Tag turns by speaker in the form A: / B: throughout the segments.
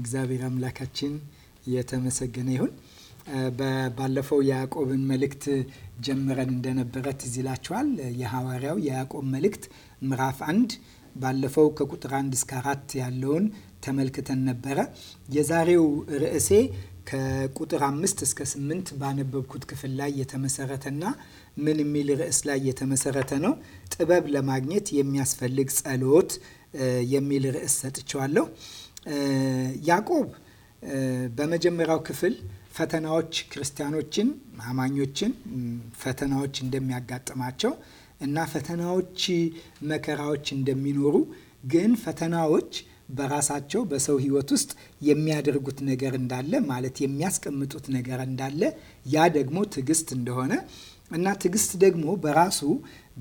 A: እግዚአብሔር አምላካችን የተመሰገነ ይሁን። ባለፈው የያዕቆብን መልእክት ጀምረን እንደነበረ ትዝ ይላችኋል። የሐዋርያው የያዕቆብ መልእክት ምዕራፍ አንድ ባለፈው ከቁጥር አንድ እስከ አራት ያለውን ተመልክተን ነበረ። የዛሬው ርዕሴ ከቁጥር አምስት እስከ ስምንት ባነበብኩት ክፍል ላይ የተመሰረተና ምን የሚል ርዕስ ላይ የተመሰረተ ነው። ጥበብ ለማግኘት የሚያስፈልግ ጸሎት የሚል ርዕስ ሰጥቼዋለሁ። ያዕቆብ በመጀመሪያው ክፍል ፈተናዎች ክርስቲያኖችን አማኞችን ፈተናዎች እንደሚያጋጥማቸው እና ፈተናዎች መከራዎች እንደሚኖሩ ግን ፈተናዎች በራሳቸው በሰው ሕይወት ውስጥ የሚያደርጉት ነገር እንዳለ ማለት የሚያስቀምጡት ነገር እንዳለ ያ ደግሞ ትዕግስት እንደሆነ እና ትዕግስት ደግሞ በራሱ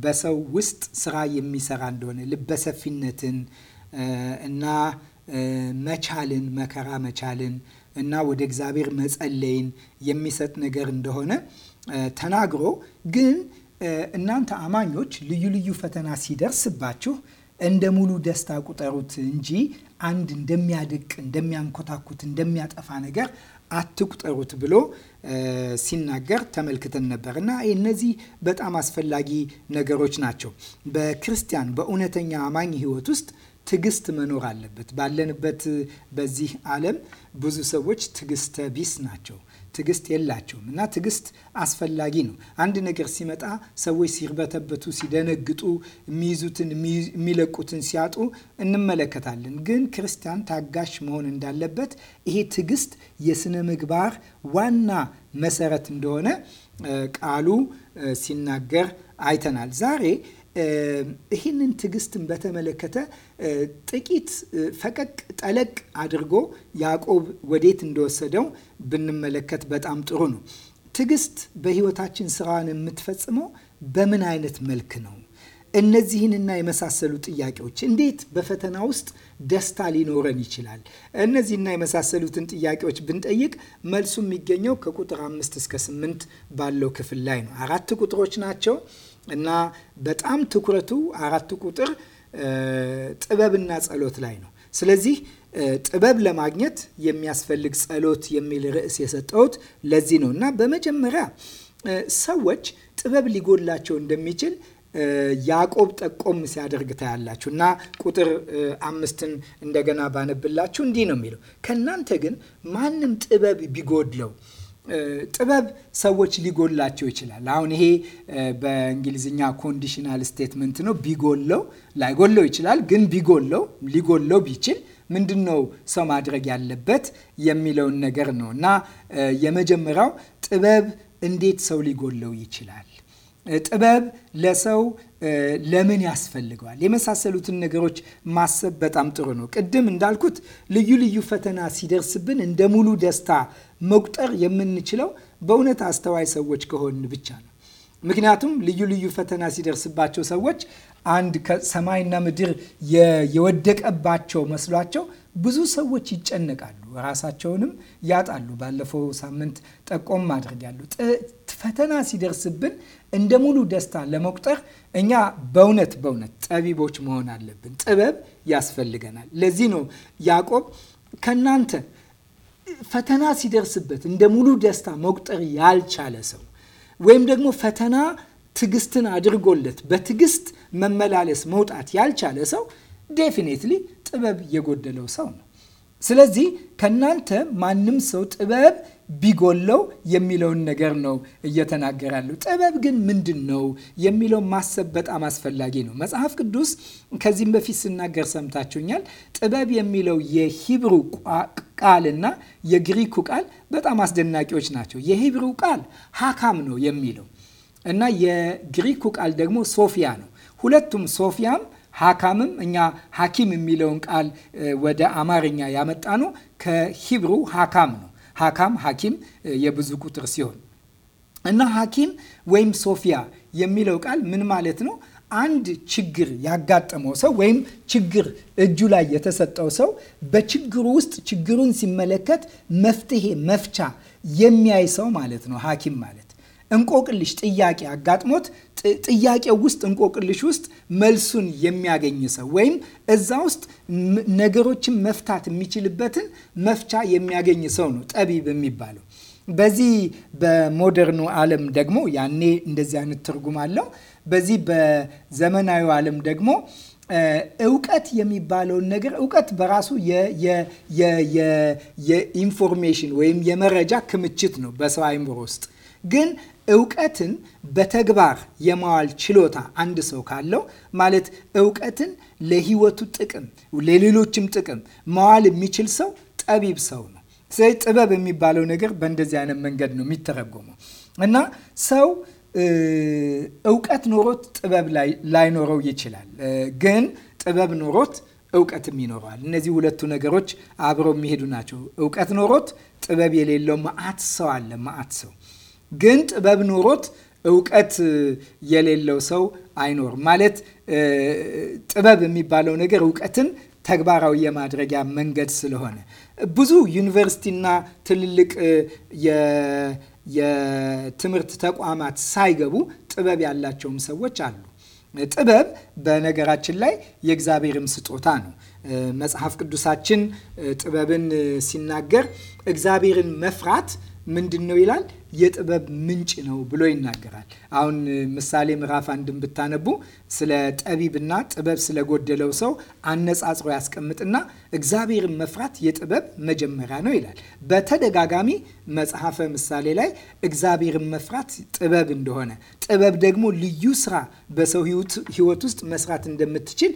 A: በሰው ውስጥ ስራ የሚሰራ እንደሆነ ልበሰፊነትን እና መቻልን፣ መከራ መቻልን እና ወደ እግዚአብሔር መጸለይን የሚሰጥ ነገር እንደሆነ ተናግሮ ግን እናንተ አማኞች ልዩ ልዩ ፈተና ሲደርስባችሁ እንደ ሙሉ ደስታ ቁጠሩት እንጂ አንድ እንደሚያድቅ፣ እንደሚያንኮታኩት፣ እንደሚያጠፋ ነገር አትቁጠሩት ብሎ ሲናገር ተመልክተን ነበር እና እነዚህ በጣም አስፈላጊ ነገሮች ናቸው። በክርስቲያን በእውነተኛ አማኝ ሕይወት ውስጥ ትግስት መኖር አለበት። ባለንበት በዚህ ዓለም ብዙ ሰዎች ትግስተ ቢስ ናቸው። ትግስት የላቸውም እና ትዕግስት አስፈላጊ ነው። አንድ ነገር ሲመጣ ሰዎች ሲርበተበቱ፣ ሲደነግጡ፣ የሚይዙትን የሚለቁትን ሲያጡ እንመለከታለን። ግን ክርስቲያን ታጋሽ መሆን እንዳለበት ይሄ ትዕግስት የስነ ምግባር ዋና መሰረት እንደሆነ ቃሉ ሲናገር አይተናል። ዛሬ ይህንን ትዕግስትን በተመለከተ ጥቂት ፈቀቅ ጠለቅ አድርጎ ያዕቆብ ወዴት እንደወሰደው ብንመለከት በጣም ጥሩ ነው። ትዕግስት በህይወታችን ስራን የምትፈጽመው በምን አይነት መልክ ነው? እነዚህንና የመሳሰሉ ጥያቄዎች እንዴት በፈተና ውስጥ ደስታ ሊኖረን ይችላል? እነዚህና የመሳሰሉትን ጥያቄዎች ብንጠይቅ መልሱ የሚገኘው ከቁጥር አምስት እስከ ስምንት ባለው ክፍል ላይ ነው። አራት ቁጥሮች ናቸው። እና በጣም ትኩረቱ አራት ቁጥር ጥበብና ጸሎት ላይ ነው። ስለዚህ ጥበብ ለማግኘት የሚያስፈልግ ጸሎት የሚል ርዕስ የሰጠሁት ለዚህ ነው እና በመጀመሪያ ሰዎች ጥበብ ሊጎድላቸው እንደሚችል ያዕቆብ ጠቆም ሲያደርግ ታያላችሁ እና ቁጥር አምስትን እንደገና ባነብላችሁ እንዲህ ነው የሚለው ከእናንተ ግን ማንም ጥበብ ቢጎድለው ጥበብ ሰዎች ሊጎላቸው ይችላል። አሁን ይሄ በእንግሊዝኛ ኮንዲሽናል ስቴትመንት ነው። ቢጎለው ላይጎለው ይችላል፣ ግን ቢጎለው ሊጎለው ቢችል ምንድን ነው ሰው ማድረግ ያለበት የሚለውን ነገር ነው እና የመጀመሪያው ጥበብ እንዴት ሰው ሊጎለው ይችላል? ጥበብ ለሰው ለምን ያስፈልገዋል? የመሳሰሉትን ነገሮች ማሰብ በጣም ጥሩ ነው። ቅድም እንዳልኩት ልዩ ልዩ ፈተና ሲደርስብን እንደ ሙሉ ደስታ መቁጠር የምንችለው በእውነት አስተዋይ ሰዎች ከሆን ብቻ ነው። ምክንያቱም ልዩ ልዩ ፈተና ሲደርስባቸው ሰዎች አንድ ከሰማይና ምድር የወደቀባቸው መስሏቸው ብዙ ሰዎች ይጨነቃሉ፣ ራሳቸውንም ያጣሉ። ባለፈው ሳምንት ጠቆም ያሉ ፈተና ሲደርስብን እንደ ሙሉ ደስታ ለመቁጠር እኛ በእውነት በእውነት ጠቢቦች መሆን አለብን። ጥበብ ያስፈልገናል። ለዚህ ነው ያዕቆብ ከእናንተ ፈተና ሲደርስበት እንደ ሙሉ ደስታ መቁጠር ያልቻለ ሰው ወይም ደግሞ ፈተና ትግስትን አድርጎለት በትግስት መመላለስ መውጣት ያልቻለ ሰው ዴፊኔትሊ ጥበብ የጎደለው ሰው ነው። ስለዚህ ከእናንተ ማንም ሰው ጥበብ ቢጎለው የሚለውን ነገር ነው እየተናገራለሁ። ጥበብ ግን ምንድን ነው የሚለው ማሰብ በጣም አስፈላጊ ነው። መጽሐፍ ቅዱስ ከዚህም በፊት ስናገር ሰምታችሁኛል። ጥበብ የሚለው የሂብሩ ቃልና የግሪኩ ቃል በጣም አስደናቂዎች ናቸው። የሂብሩ ቃል ሀካም ነው የሚለው እና የግሪኩ ቃል ደግሞ ሶፊያ ነው። ሁለቱም ሶፊያም ሀካምም እኛ ሐኪም የሚለውን ቃል ወደ አማርኛ ያመጣ ነው ከሂብሩ ሀካም ነው። ሀካም ሐኪም የብዙ ቁጥር ሲሆን እና ሐኪም ወይም ሶፊያ የሚለው ቃል ምን ማለት ነው? አንድ ችግር ያጋጠመው ሰው ወይም ችግር እጁ ላይ የተሰጠው ሰው በችግሩ ውስጥ ችግሩን ሲመለከት መፍትሄ መፍቻ የሚያይ ሰው ማለት ነው ሐኪም ማለት። እንቆቅልሽ ጥያቄ አጋጥሞት ጥያቄ ውስጥ እንቆቅልሽ ውስጥ መልሱን የሚያገኝ ሰው ወይም እዛ ውስጥ ነገሮችን መፍታት የሚችልበትን መፍቻ የሚያገኝ ሰው ነው ጠቢብ የሚባለው። በዚህ በሞደርኑ ዓለም ደግሞ ያኔ እንደዚህ አይነት ትርጉም አለው። በዚህ በዘመናዊ ዓለም ደግሞ እውቀት የሚባለውን ነገር እውቀት በራሱ የኢንፎርሜሽን ወይም የመረጃ ክምችት ነው በሰው አይምሮ ውስጥ ግን እውቀትን በተግባር የማዋል ችሎታ አንድ ሰው ካለው ማለት እውቀትን ለህይወቱ ጥቅም ለሌሎችም ጥቅም መዋል የሚችል ሰው ጠቢብ ሰው ነው። ስለዚህ ጥበብ የሚባለው ነገር በእንደዚህ አይነት መንገድ ነው የሚተረጎመው እና ሰው እውቀት ኖሮት ጥበብ ላይኖረው ይችላል፣ ግን ጥበብ ኖሮት እውቀትም ይኖረዋል። እነዚህ ሁለቱ ነገሮች አብረው የሚሄዱ ናቸው። እውቀት ኖሮት ጥበብ የሌለው መዓት ሰው አለ። መዓት ሰው ግን ጥበብ ኖሮት እውቀት የሌለው ሰው አይኖርም። ማለት ጥበብ የሚባለው ነገር እውቀትን ተግባራዊ የማድረጊያ መንገድ ስለሆነ ብዙ ዩኒቨርሲቲና ትልልቅ የትምህርት ተቋማት ሳይገቡ ጥበብ ያላቸውም ሰዎች አሉ። ጥበብ በነገራችን ላይ የእግዚአብሔርም ስጦታ ነው። መጽሐፍ ቅዱሳችን ጥበብን ሲናገር እግዚአብሔርን መፍራት ምንድን ነው ይላል? የጥበብ ምንጭ ነው ብሎ ይናገራል። አሁን ምሳሌ ምዕራፍ አንድን ብታነቡ ስለ ጠቢብና ጥበብ ስለጎደለው ሰው አነጻጽሮ ያስቀምጥና እግዚአብሔርን መፍራት የጥበብ መጀመሪያ ነው ይላል። በተደጋጋሚ መጽሐፈ ምሳሌ ላይ እግዚአብሔርን መፍራት ጥበብ እንደሆነ፣ ጥበብ ደግሞ ልዩ ስራ በሰው ህይወት ውስጥ መስራት እንደምትችል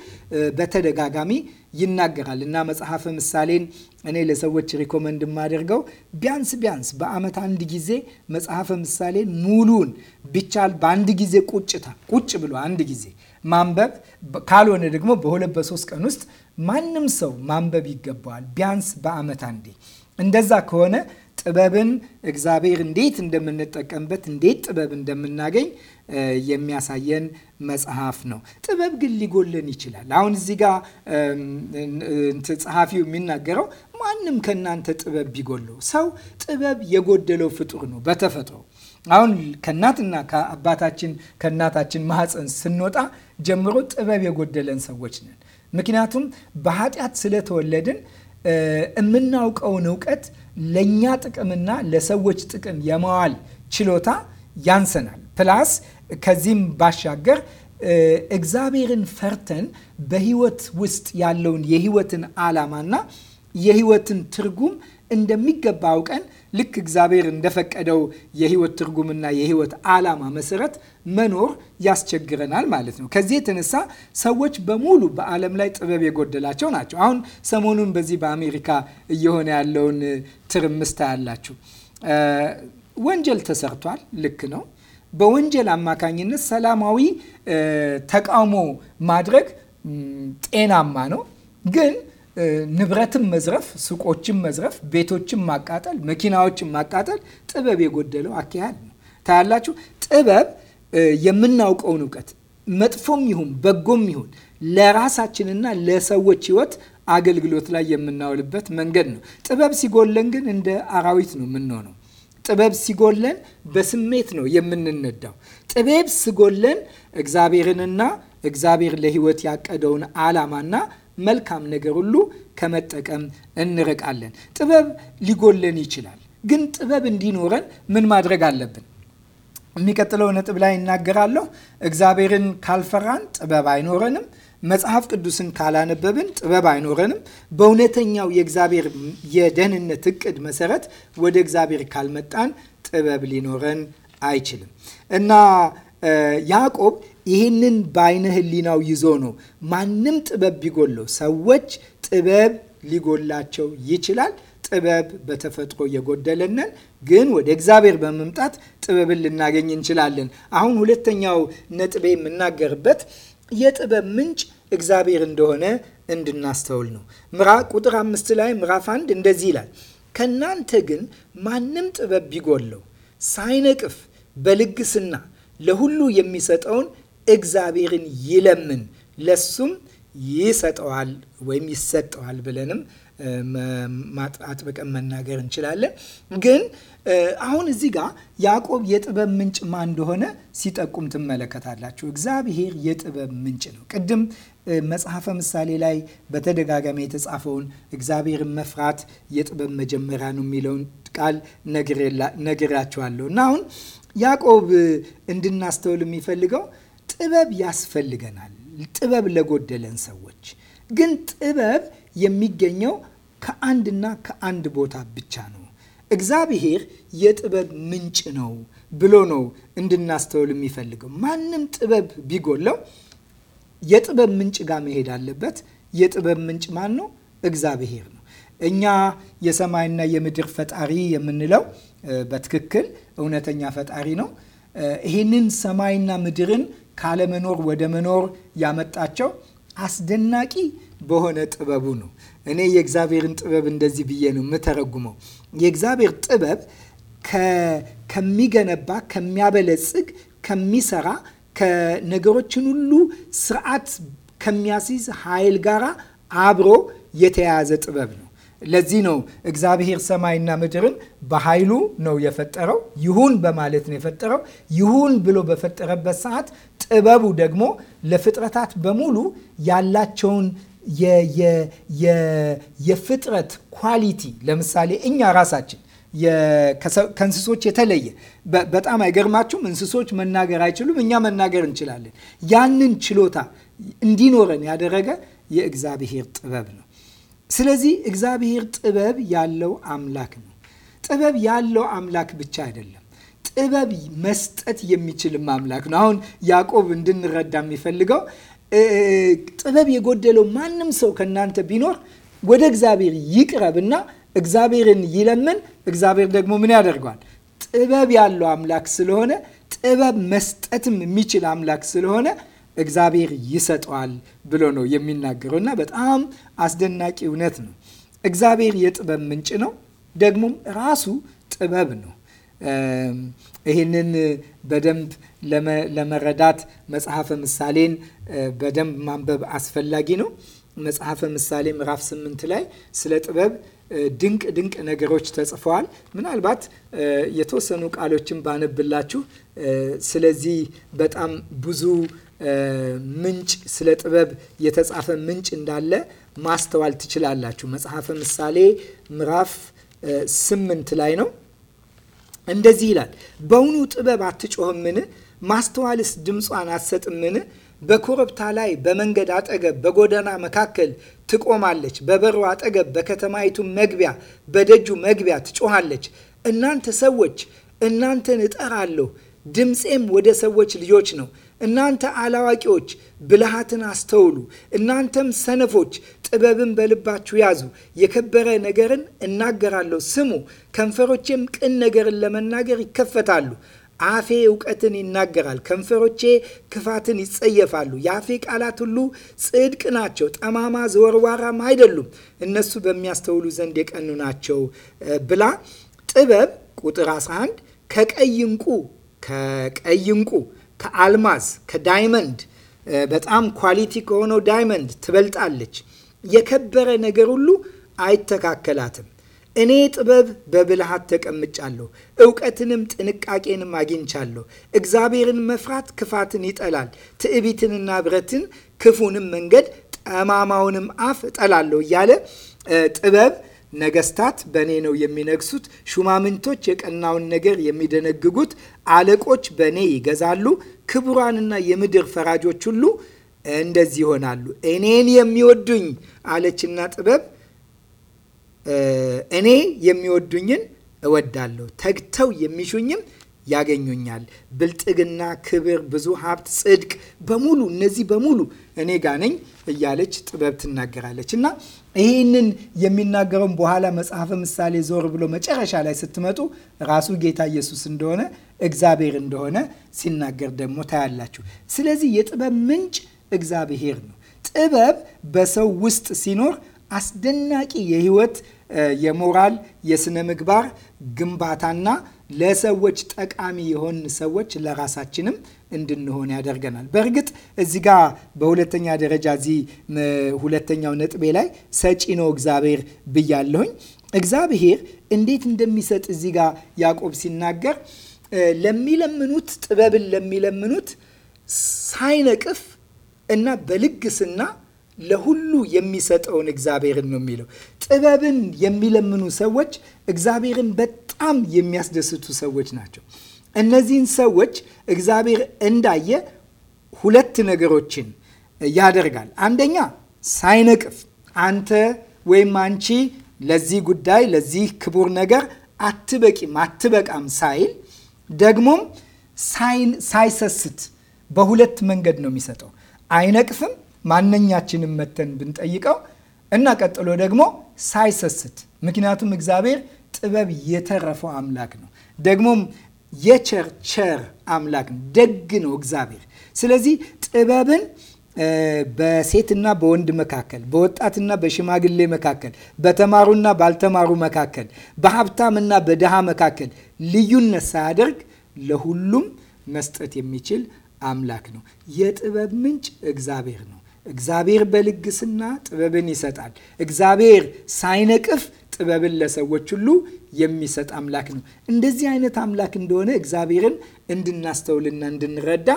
A: በተደጋጋሚ ይናገራል እና መጽሐፈ ምሳሌን እኔ ለሰዎች ሪኮመንድ የማደርገው ቢያንስ ቢያንስ በአመት አንድ ጊዜ መጽሐፈ ምሳሌን ሙሉን ቢቻል በአንድ ጊዜ ቁጭታ ቁጭ ብሎ አንድ ጊዜ ማንበብ ካልሆነ ደግሞ በሁለት በሶስት ቀን ውስጥ ማንም ሰው ማንበብ ይገባዋል ቢያንስ በአመት አንዴ እንደዛ ከሆነ ጥበብን እግዚአብሔር እንዴት እንደምንጠቀምበት እንዴት ጥበብ እንደምናገኝ የሚያሳየን መጽሐፍ ነው። ጥበብ ግን ሊጎለን ይችላል። አሁን እዚህ ጋር ጸሐፊው የሚናገረው ማንም ከእናንተ ጥበብ ቢጎለው፣ ሰው ጥበብ የጎደለው ፍጡር ነው በተፈጥሮ አሁን ከእናትና ከአባታችን ከእናታችን ማህፀን ስንወጣ ጀምሮ ጥበብ የጎደለን ሰዎች ነን። ምክንያቱም በኃጢአት ስለተወለድን የምናውቀውን እውቀት ለእኛ ጥቅምና ለሰዎች ጥቅም የመዋል ችሎታ ያንሰናል። ፕላስ ከዚህም ባሻገር እግዚአብሔርን ፈርተን በህይወት ውስጥ ያለውን የህይወትን ዓላማና የህይወትን ትርጉም እንደሚገባ አውቀን ልክ እግዚአብሔር እንደፈቀደው የህይወት ትርጉምና የህይወት ዓላማ መሰረት መኖር ያስቸግረናል ማለት ነው። ከዚህ የተነሳ ሰዎች በሙሉ በዓለም ላይ ጥበብ የጎደላቸው ናቸው። አሁን ሰሞኑን በዚህ በአሜሪካ እየሆነ ያለውን ትርምስ ታያላችሁ። ወንጀል ተሰርቷል፣ ልክ ነው። በወንጀል አማካኝነት ሰላማዊ ተቃውሞ ማድረግ ጤናማ ነው ግን ንብረትን መዝረፍ፣ ሱቆችን መዝረፍ፣ ቤቶችን ማቃጠል፣ መኪናዎችን ማቃጠል ጥበብ የጎደለው አካሄድ ነው። ታያላችሁ ጥበብ የምናውቀውን እውቀት መጥፎም ይሁን በጎም ይሁን ለራሳችንና ለሰዎች ህይወት አገልግሎት ላይ የምናውልበት መንገድ ነው። ጥበብ ሲጎለን ግን እንደ አራዊት ነው የምንሆነው። ጥበብ ሲጎለን በስሜት ነው የምንነዳው። ጥበብ ሲጎለን እግዚአብሔርንና እግዚአብሔር ለህይወት ያቀደውን ዓላማና መልካም ነገር ሁሉ ከመጠቀም እንርቃለን። ጥበብ ሊጎለን ይችላል። ግን ጥበብ እንዲኖረን ምን ማድረግ አለብን? የሚቀጥለው ነጥብ ላይ እናገራለሁ። እግዚአብሔርን ካልፈራን ጥበብ አይኖረንም። መጽሐፍ ቅዱስን ካላነበብን ጥበብ አይኖረንም። በእውነተኛው የእግዚአብሔር የደህንነት እቅድ መሰረት ወደ እግዚአብሔር ካልመጣን ጥበብ ሊኖረን አይችልም እና ያዕቆብ ይህንን በአይነ ህሊናው ይዞ ነው ማንም ጥበብ ቢጎለው ሰዎች ጥበብ ሊጎላቸው ይችላል ጥበብ በተፈጥሮ የጎደለንን ግን ወደ እግዚአብሔር በመምጣት ጥበብን ልናገኝ እንችላለን። አሁን ሁለተኛው ነጥቤ የምናገርበት የጥበብ ምንጭ እግዚአብሔር እንደሆነ እንድናስተውል ነው። ቁጥር አምስት ላይ ምዕራፍ አንድ እንደዚህ ይላል፣ ከእናንተ ግን ማንም ጥበብ ቢጎለው ሳይነቅፍ በልግስና ለሁሉ የሚሰጠውን እግዚአብሔርን ይለምን ለሱም ይሰጠዋል ወይም ይሰጠዋል ብለንም አጥብቀን መናገር እንችላለን። ግን አሁን እዚህ ጋር ያዕቆብ የጥበብ ምንጭ ማን እንደሆነ ሲጠቁም ትመለከታላችሁ። እግዚአብሔር የጥበብ ምንጭ ነው። ቅድም መጽሐፈ ምሳሌ ላይ በተደጋጋሚ የተጻፈውን እግዚአብሔርን መፍራት የጥበብ መጀመሪያ ነው የሚለውን ቃል ነግራችኋለሁ። እና አሁን ያዕቆብ እንድናስተውል የሚፈልገው ጥበብ ያስፈልገናል። ጥበብ ለጎደለን ሰዎች ግን ጥበብ የሚገኘው ከአንድና ከአንድ ቦታ ብቻ ነው። እግዚአብሔር የጥበብ ምንጭ ነው ብሎ ነው እንድናስተውል የሚፈልገው። ማንም ጥበብ ቢጎለው የጥበብ ምንጭ ጋር መሄድ አለበት። የጥበብ ምንጭ ማን ነው? እግዚአብሔር ነው። እኛ የሰማይና የምድር ፈጣሪ የምንለው በትክክል እውነተኛ ፈጣሪ ነው። ይህንን ሰማይና ምድርን ካለመኖር ወደ መኖር ያመጣቸው አስደናቂ በሆነ ጥበቡ ነው። እኔ የእግዚአብሔርን ጥበብ እንደዚህ ብዬ ነው የምተረጉመው። የእግዚአብሔር ጥበብ ከሚገነባ፣ ከሚያበለጽግ፣ ከሚሰራ፣ ከነገሮችን ሁሉ ስርዓት ከሚያስይዝ ኃይል ጋራ አብሮ የተያያዘ ጥበብ ነው። ለዚህ ነው እግዚአብሔር ሰማይና ምድርን በኃይሉ ነው የፈጠረው። ይሁን በማለት ነው የፈጠረው። ይሁን ብሎ በፈጠረበት ሰዓት ጥበቡ ደግሞ ለፍጥረታት በሙሉ ያላቸውን የፍጥረት ኳሊቲ ለምሳሌ እኛ ራሳችን ከእንስሶች የተለየ በጣም አይገርማችሁም? እንስሶች መናገር አይችሉም፣ እኛ መናገር እንችላለን። ያንን ችሎታ እንዲኖረን ያደረገ የእግዚአብሔር ጥበብ ነው። ስለዚህ እግዚአብሔር ጥበብ ያለው አምላክ ነው። ጥበብ ያለው አምላክ ብቻ አይደለም፣ ጥበብ መስጠት የሚችልም አምላክ ነው። አሁን ያዕቆብ እንድንረዳ የሚፈልገው ጥበብ የጎደለው ማንም ሰው ከእናንተ ቢኖር ወደ እግዚአብሔር ይቅረብና እግዚአብሔርን ይለምን። እግዚአብሔር ደግሞ ምን ያደርገዋል? ጥበብ ያለው አምላክ ስለሆነ ጥበብ መስጠትም የሚችል አምላክ ስለሆነ እግዚአብሔር ይሰጠዋል ብሎ ነው የሚናገረው እና በጣም አስደናቂ እውነት ነው። እግዚአብሔር የጥበብ ምንጭ ነው፣ ደግሞም ራሱ ጥበብ ነው። ይህንን በደንብ ለመረዳት መጽሐፈ ምሳሌን በደንብ ማንበብ አስፈላጊ ነው። መጽሐፈ ምሳሌ ምዕራፍ ስምንት ላይ ስለ ጥበብ ድንቅ ድንቅ ነገሮች ተጽፈዋል። ምናልባት የተወሰኑ ቃሎችን ባነብላችሁ ስለዚህ በጣም ብዙ ምንጭ ስለ ጥበብ የተጻፈ ምንጭ እንዳለ ማስተዋል ትችላላችሁ። መጽሐፈ ምሳሌ ምዕራፍ ስምንት ላይ ነው እንደዚህ ይላል፣ በውኑ ጥበብ አትጮህምን? ማስተዋልስ ድምጿን አትሰጥምን? በኮረብታ ላይ በመንገድ አጠገብ በጎዳና መካከል ትቆማለች። በበሩ አጠገብ በከተማይቱ መግቢያ በደጁ መግቢያ ትጮሃለች። እናንተ ሰዎች እናንተን እጠራለሁ፣ ድምፄም ወደ ሰዎች ልጆች ነው። እናንተ አላዋቂዎች ብልሃትን አስተውሉ፣ እናንተም ሰነፎች ጥበብን በልባችሁ ያዙ። የከበረ ነገርን እናገራለሁ፣ ስሙ። ከንፈሮቼም ቅን ነገርን ለመናገር ይከፈታሉ። አፌ እውቀትን ይናገራል፣ ከንፈሮቼ ክፋትን ይጸየፋሉ። የአፌ ቃላት ሁሉ ጽድቅ ናቸው፣ ጠማማ ዘወርዋራም አይደሉም። እነሱ በሚያስተውሉ ዘንድ የቀኑ ናቸው ብላ ጥበብ ቁጥር 11 ከቀይ እንቁ ከቀይ እንቁ ከአልማዝ ከዳይመንድ በጣም ኳሊቲ ከሆነው ዳይመንድ ትበልጣለች። የከበረ ነገር ሁሉ አይተካከላትም። እኔ ጥበብ በብልሃት ተቀምጫለሁ፣ እውቀትንም ጥንቃቄንም አግኝቻለሁ። እግዚአብሔርን መፍራት ክፋትን ይጠላል፣ ትዕቢትንና ብረትን፣ ክፉንም መንገድ፣ ጠማማውንም አፍ እጠላለሁ እያለ ጥበብ ነገስታት በእኔ ነው የሚነግሱት፣ ሹማምንቶች የቀናውን ነገር የሚደነግጉት፣ አለቆች በእኔ ይገዛሉ፣ ክቡራንና የምድር ፈራጆች ሁሉ እንደዚህ ይሆናሉ። እኔን የሚወዱኝ አለችና ጥበብ እኔ የሚወዱኝን እወዳለሁ፣ ተግተው የሚሹኝም ያገኙኛል። ብልጥግና፣ ክብር፣ ብዙ ሀብት፣ ጽድቅ በሙሉ እነዚህ በሙሉ እኔ ጋ ነኝ እያለች ጥበብ ትናገራለች እና ይህንን የሚናገረውን በኋላ መጽሐፈ ምሳሌ ዞር ብሎ መጨረሻ ላይ ስትመጡ ራሱ ጌታ ኢየሱስ እንደሆነ እግዚአብሔር እንደሆነ ሲናገር ደግሞ ታያላችሁ። ስለዚህ የጥበብ ምንጭ እግዚአብሔር ነው። ጥበብ በሰው ውስጥ ሲኖር አስደናቂ የህይወት የሞራል የስነ ምግባር ግንባታና ለሰዎች ጠቃሚ የሆን ሰዎች ለራሳችንም እንድንሆን ያደርገናል። በእርግጥ እዚህ ጋ በሁለተኛ ደረጃ እዚህ ሁለተኛው ነጥቤ ላይ ሰጪ ነው እግዚአብሔር ብያለሁኝ። እግዚአብሔር እንዴት እንደሚሰጥ እዚህ ጋ ያዕቆብ ሲናገር ለሚለምኑት ጥበብን ለሚለምኑት ሳይነቅፍ እና በልግስና ለሁሉ የሚሰጠውን እግዚአብሔርን ነው የሚለው። ጥበብን የሚለምኑ ሰዎች እግዚአብሔርን በጣም የሚያስደስቱ ሰዎች ናቸው። እነዚህን ሰዎች እግዚአብሔር እንዳየ ሁለት ነገሮችን ያደርጋል። አንደኛ ሳይነቅፍ አንተ ወይም አንቺ ለዚህ ጉዳይ ለዚህ ክቡር ነገር አትበቂም አትበቃም ሳይል ደግሞም ሳይሰስት በሁለት መንገድ ነው የሚሰጠው። አይነቅፍም። ማንኛችንም መተን ብንጠይቀው እና ቀጥሎ ደግሞ ሳይሰስት ምክንያቱም እግዚአብሔር ጥበብ የተረፈው አምላክ ነው። ደግሞም የቸር ቸር አምላክ ነው። ደግ ነው እግዚአብሔር። ስለዚህ ጥበብን በሴትና በወንድ መካከል፣ በወጣትና በሽማግሌ መካከል፣ በተማሩና ባልተማሩ መካከል፣ በሀብታምና በድሃ መካከል ልዩነት ሳያደርግ ለሁሉም መስጠት የሚችል አምላክ ነው። የጥበብ ምንጭ እግዚአብሔር ነው። እግዚአብሔር በልግስና ጥበብን ይሰጣል። እግዚአብሔር ሳይነቅፍ ጥበብን ለሰዎች ሁሉ የሚሰጥ አምላክ ነው። እንደዚህ አይነት አምላክ እንደሆነ እግዚአብሔርን እንድናስተውልና እንድንረዳ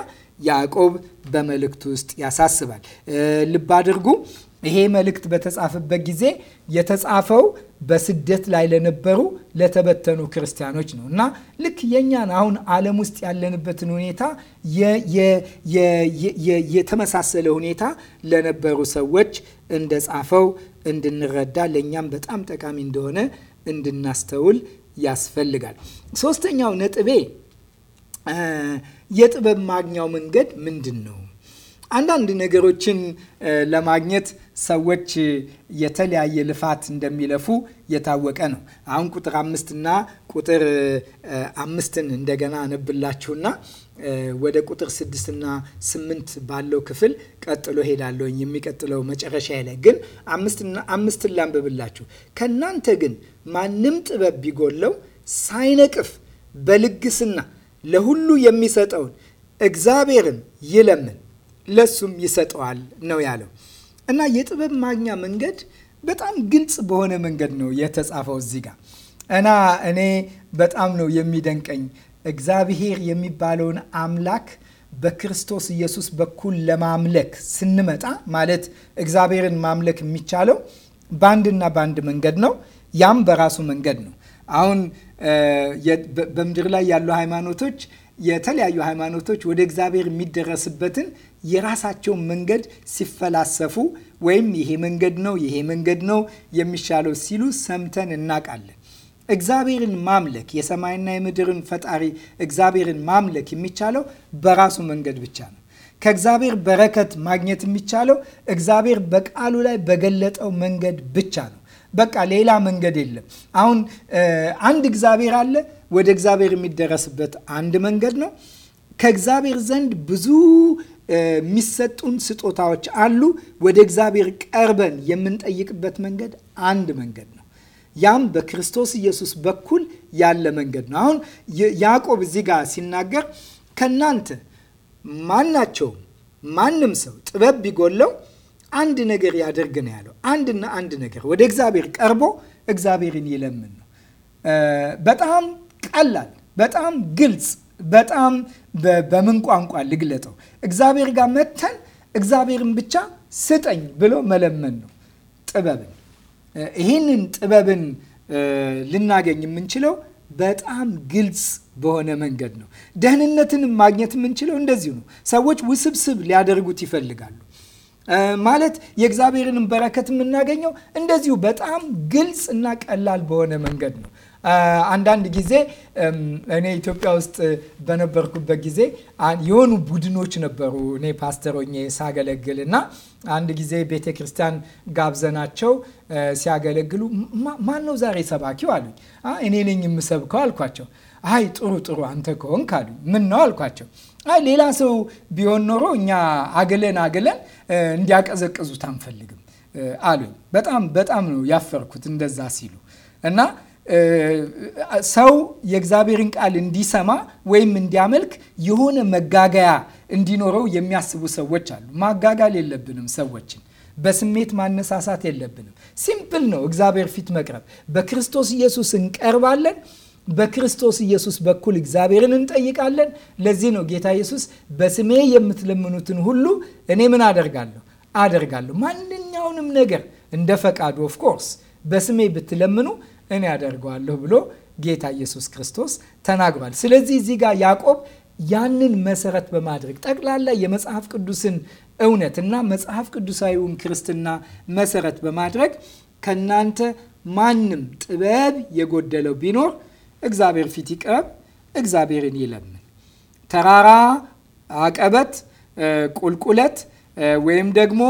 A: ያዕቆብ በመልእክቱ ውስጥ ያሳስባል። ልብ አድርጉ። ይሄ መልእክት በተጻፈበት ጊዜ የተጻፈው በስደት ላይ ለነበሩ ለተበተኑ ክርስቲያኖች ነው እና ልክ የእኛን አሁን ዓለም ውስጥ ያለንበትን ሁኔታ የተመሳሰለ ሁኔታ ለነበሩ ሰዎች እንደጻፈው እንድንረዳ ለእኛም በጣም ጠቃሚ እንደሆነ እንድናስተውል ያስፈልጋል። ሶስተኛው ነጥቤ የጥበብ ማግኛው መንገድ ምንድን ነው? አንዳንድ ነገሮችን ለማግኘት ሰዎች የተለያየ ልፋት እንደሚለፉ የታወቀ ነው። አሁን ቁጥር አምስትና ቁጥር አምስትን እንደገና አነብላችሁና ወደ ቁጥር ስድስትና ስምንት ባለው ክፍል ቀጥሎ ሄዳለሁ። የሚቀጥለው መጨረሻ ላይ ግን አምስትን ላንብብላችሁ። ከእናንተ ግን ማንም ጥበብ ቢጎለው ሳይነቅፍ በልግስና ለሁሉ የሚሰጠውን እግዚአብሔርን ይለምን ለሱም ይሰጠዋል ነው ያለው። እና የጥበብ ማግኛ መንገድ በጣም ግልጽ በሆነ መንገድ ነው የተጻፈው እዚህ ጋር እና እኔ በጣም ነው የሚደንቀኝ እግዚአብሔር የሚባለውን አምላክ በክርስቶስ ኢየሱስ በኩል ለማምለክ ስንመጣ ማለት እግዚአብሔርን ማምለክ የሚቻለው በአንድና በአንድ መንገድ ነው። ያም በራሱ መንገድ ነው። አሁን በምድር ላይ ያሉ ሃይማኖቶች የተለያዩ ሃይማኖቶች ወደ እግዚአብሔር የሚደረስበትን የራሳቸውን መንገድ ሲፈላሰፉ ወይም ይሄ መንገድ ነው ይሄ መንገድ ነው የሚሻለው ሲሉ ሰምተን እናውቃለን። እግዚአብሔርን ማምለክ የሰማይና የምድርን ፈጣሪ እግዚአብሔርን ማምለክ የሚቻለው በራሱ መንገድ ብቻ ነው። ከእግዚአብሔር በረከት ማግኘት የሚቻለው እግዚአብሔር በቃሉ ላይ በገለጠው መንገድ ብቻ ነው። በቃ ሌላ መንገድ የለም። አሁን አንድ እግዚአብሔር አለ። ወደ እግዚአብሔር የሚደረስበት አንድ መንገድ ነው። ከእግዚአብሔር ዘንድ ብዙ የሚሰጡን ስጦታዎች አሉ። ወደ እግዚአብሔር ቀርበን የምንጠይቅበት መንገድ አንድ መንገድ ነው። ያም በክርስቶስ ኢየሱስ በኩል ያለ መንገድ ነው። አሁን ያዕቆብ እዚህ ጋር ሲናገር ከእናንተ ማናቸውም ማንም ሰው ጥበብ ቢጎለው አንድ ነገር ያደርግ ነው ያለው። አንድና አንድ ነገር ወደ እግዚአብሔር ቀርቦ እግዚአብሔርን ይለምን ነው። በጣም ቀላል፣ በጣም ግልጽ፣ በጣም በምን ቋንቋ ልግለጠው? እግዚአብሔር ጋር መተን እግዚአብሔርን ብቻ ስጠኝ ብሎ መለመን ነው ጥበብን። ይህንን ጥበብን ልናገኝ የምንችለው በጣም ግልጽ በሆነ መንገድ ነው። ደህንነትን ማግኘት የምንችለው እንደዚሁ ነው። ሰዎች ውስብስብ ሊያደርጉት ይፈልጋሉ። ማለት የእግዚአብሔርንም በረከት የምናገኘው እንደዚሁ በጣም ግልጽ እና ቀላል በሆነ መንገድ ነው። አንዳንድ ጊዜ እኔ ኢትዮጵያ ውስጥ በነበርኩበት ጊዜ የሆኑ ቡድኖች ነበሩ። እኔ ፓስተር ሳገለግል እና አንድ ጊዜ ቤተ ክርስቲያን ጋብዘናቸው ሲያገለግሉ ማን ነው ዛሬ ሰባኪው አሉኝ። እኔ ነኝ የምሰብከው አልኳቸው። አይ ጥሩ ጥሩ፣ አንተ ከሆንክ አሉኝ። ምን ነው አልኳቸው አይ ሌላ ሰው ቢሆን ኖሮ እኛ አገለን አገለን እንዲያቀዘቅዙት አንፈልግም አሉኝ። በጣም በጣም ነው ያፈርኩት እንደዛ ሲሉ እና ሰው የእግዚአብሔርን ቃል እንዲሰማ ወይም እንዲያመልክ የሆነ መጋጋያ እንዲኖረው የሚያስቡ ሰዎች አሉ። ማጋጋል የለብንም ሰዎችን በስሜት ማነሳሳት የለብንም። ሲምፕል ነው። እግዚአብሔር ፊት መቅረብ በክርስቶስ ኢየሱስ እንቀርባለን። በክርስቶስ ኢየሱስ በኩል እግዚአብሔርን እንጠይቃለን። ለዚህ ነው ጌታ ኢየሱስ በስሜ የምትለምኑትን ሁሉ እኔ ምን አደርጋለሁ አደርጋለሁ ማንኛውንም ነገር እንደ ፈቃዱ ኦፍ ኮርስ በስሜ ብትለምኑ እኔ አደርገዋለሁ ብሎ ጌታ ኢየሱስ ክርስቶስ ተናግሯል። ስለዚህ እዚህ ጋር ያዕቆብ ያንን መሰረት በማድረግ ጠቅላላ የመጽሐፍ ቅዱስን እውነት እና መጽሐፍ ቅዱሳዊውን ክርስትና መሰረት በማድረግ ከእናንተ ማንም ጥበብ የጎደለው ቢኖር እግዚአብሔር ፊት ይቅረብ፣ እግዚአብሔርን ይለምን። ተራራ አቀበት፣ ቁልቁለት ወይም ደግሞ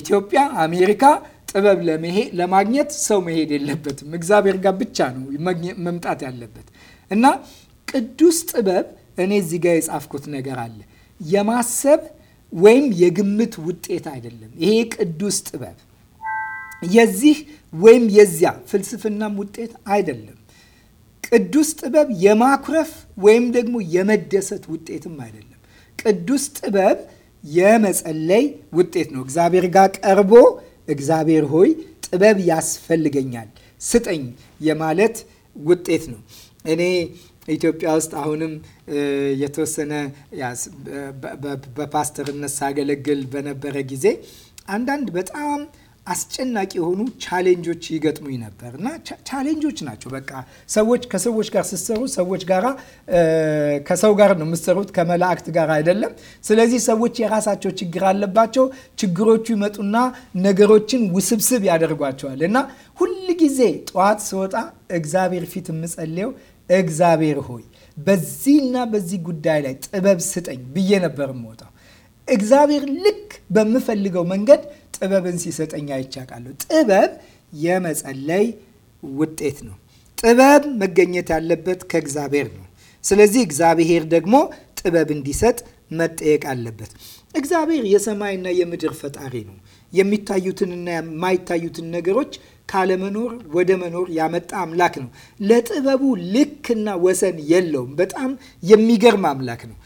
A: ኢትዮጵያ፣ አሜሪካ ጥበብ ለማግኘት ሰው መሄድ የለበትም። እግዚአብሔር ጋር ብቻ ነው መምጣት ያለበት እና ቅዱስ ጥበብ እኔ እዚህ ጋር የጻፍኩት ነገር አለ። የማሰብ ወይም የግምት ውጤት አይደለም። ይሄ ቅዱስ ጥበብ የዚህ ወይም የዚያ ፍልስፍናም ውጤት አይደለም። ቅዱስ ጥበብ የማኩረፍ ወይም ደግሞ የመደሰት ውጤትም አይደለም። ቅዱስ ጥበብ የመጸለይ ውጤት ነው። እግዚአብሔር ጋር ቀርቦ እግዚአብሔር ሆይ ጥበብ ያስፈልገኛል ስጠኝ የማለት ውጤት ነው። እኔ ኢትዮጵያ ውስጥ አሁንም የተወሰነ በፓስተርነት ሳገለግል በነበረ ጊዜ አንዳንድ በጣም አስጨናቂ የሆኑ ቻሌንጆች ይገጥሙኝ ነበር እና ቻሌንጆች ናቸው። በቃ ሰዎች ከሰዎች ጋር ስትሰሩ ሰዎች ጋራ ከሰው ጋር ነው የምትሰሩት ከመላእክት ጋር አይደለም። ስለዚህ ሰዎች የራሳቸው ችግር አለባቸው። ችግሮቹ ይመጡና ነገሮችን ውስብስብ ያደርጓቸዋል እና ሁል ጊዜ ጠዋት ስወጣ እግዚአብሔር ፊት የምጸልየው እግዚአብሔር ሆይ በዚህና በዚህ ጉዳይ ላይ ጥበብ ስጠኝ ብዬ ነበር የምወጣው። እግዚአብሔር ልክ በምፈልገው መንገድ ጥበብን ሲሰጠኝ አይቻቃለሁ። ጥበብ የመጸለይ ውጤት ነው። ጥበብ መገኘት ያለበት ከእግዚአብሔር ነው። ስለዚህ እግዚአብሔር ደግሞ ጥበብ እንዲሰጥ መጠየቅ አለበት። እግዚአብሔር የሰማይና የምድር ፈጣሪ ነው። የሚታዩትንና የማይታዩትን ነገሮች ካለመኖር ወደ መኖር ያመጣ አምላክ ነው። ለጥበቡ ልክና ወሰን የለውም። በጣም የሚገርም አምላክ ነው